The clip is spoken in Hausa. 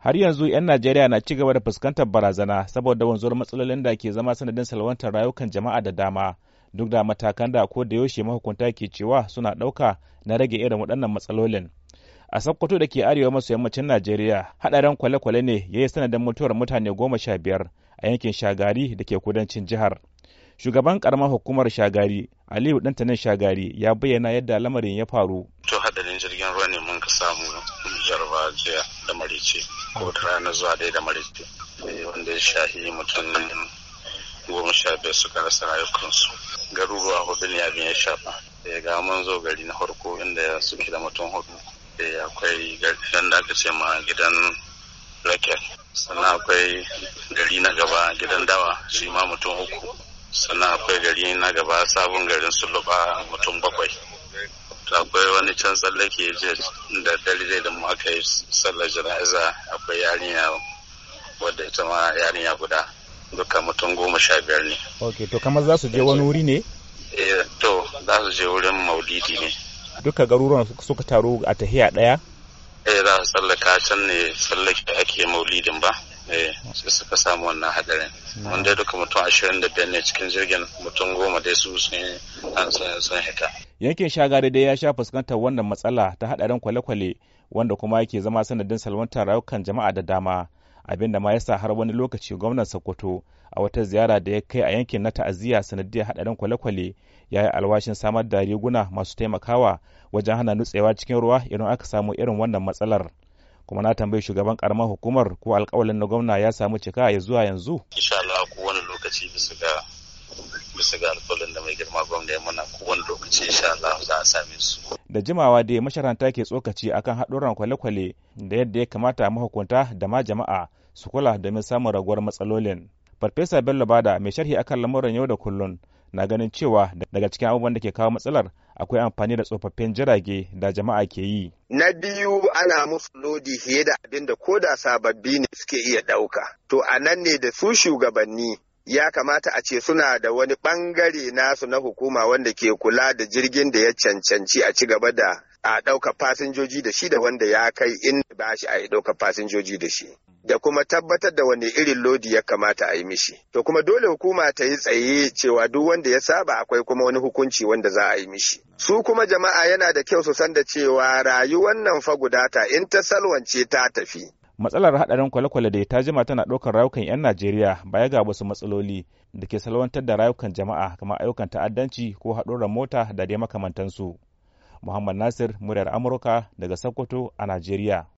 har yanzu 'yan Najeriya na ci gaba da fuskantar barazana saboda wanzuwar matsalolin da ke zama sanadin salwantar rayukan jama'a da dama duk da matakan da ko da yaushe mahukunta ke cewa suna ɗauka na rage irin waɗannan matsalolin. A Sokoto da ke arewa maso yammacin Najeriya, haɗarin kwale-kwale ne ya yi sanadin mutuwar mutane goma sha biyar a yankin Shagari da ke kudancin jihar. Shugaban karamar hukumar Shagari, Aliyu Ɗantanin Shagari, ya bayyana yadda lamarin ya faru. To jirgin ruwa ne mun ka samu jarba jiya da marice ko da rana zuwa dai da marice eh, wanda ya shahi mutum goma sha biyar suka rasa rayukansu garuruwa hudu ne abin ya shafa ya eh, ga mun zo gari na farko inda suke da mutum hudu da eh, akwai gidan da aka ce ma gidan raket sannan akwai gari na gaba gidan dawa shi ma mutum uku sannan akwai gari na gaba sabon garin suluba mutum bakwai akwai wani can tsallake je da dalilai da aka yi tsallar jana'iza akwai yarinya wadda ita ma yarinya guda duka mutum goma sha biyar ne ok to kamar za su je wani wuri ne eh to za su je wurin maulidi ne duka garuruwan suka taru a tahiya daya eh za su tsallaka can ne tsallake ake maulidin ba eh, sai suka samu wannan hadarin wanda duka mutum ashirin da biyar ne cikin jirgin mutum goma dai su sun hita yankin shagari dai ya sha fuskantar wannan matsala ta hadarin kwale-kwale wanda kuma yake zama sanadin salwantar rayukan jama'a da dama abinda ma yasa har wani lokaci gwamnan sokoto a wata ziyara da ya kai a yankin na ta'aziyya sanadiyar hadarin kwale-kwale ya yi alwashin samar da riguna masu taimakawa wajen hana nutsewa cikin ruwa idan aka samu irin wannan matsalar kuma na tambayi shugaban karamar hukumar ko alkawalin na gwamna ya samu cika ya zuwa yanzu insha Allah ko wani lokaci bisa ga bisa ga alƙawarin da mai girma gwamna ya mana kowane lokaci insha Allah za a same su. Da jimawa dai masharanta ke tsokaci akan haɗurran kwale-kwale da yadda ya kamata mahukunta da ma jama'a su kula domin samun raguwar matsalolin. Farfesa Bello Bada mai sharhi akan lamuran yau da kullun na ganin cewa daga cikin abubuwan da ke kawo matsalar akwai amfani da tsofaffin jirage da jama'a ke yi. Na biyu ana musu lodi fiye da abin da ko da sababbi ne suke iya ɗauka. To a nan ne da su shugabanni ya kamata a ce suna da wani bangare nasu na hukuma wanda ke kula da jirgin da ya cancanci a ci gaba da a ɗaukar fasinjoji da shi da wanda ya kai in ba shi a ɗaukar fasinjoji da shi da kuma tabbatar da wani irin lodi ya kamata a yi mishi to kuma dole hukuma ta yi tsaye cewa duk wanda ya saba akwai kuma wani hukunci wanda za a yi mishi su kuma jama'a yana da kyau su san da cewa rayuwar nan fa gudata in ta salwance ta tafi matsalar hadarin kwale-kwale da ta jima tana ɗaukar rayukan 'yan najeriya baya ga wasu matsaloli da ke salwantar da rayukan jama'a kamar ayyukan ta'addanci ko haɗurran mota da dai makamantansu muhammad nasir muryar amurka daga sokoto a najeriya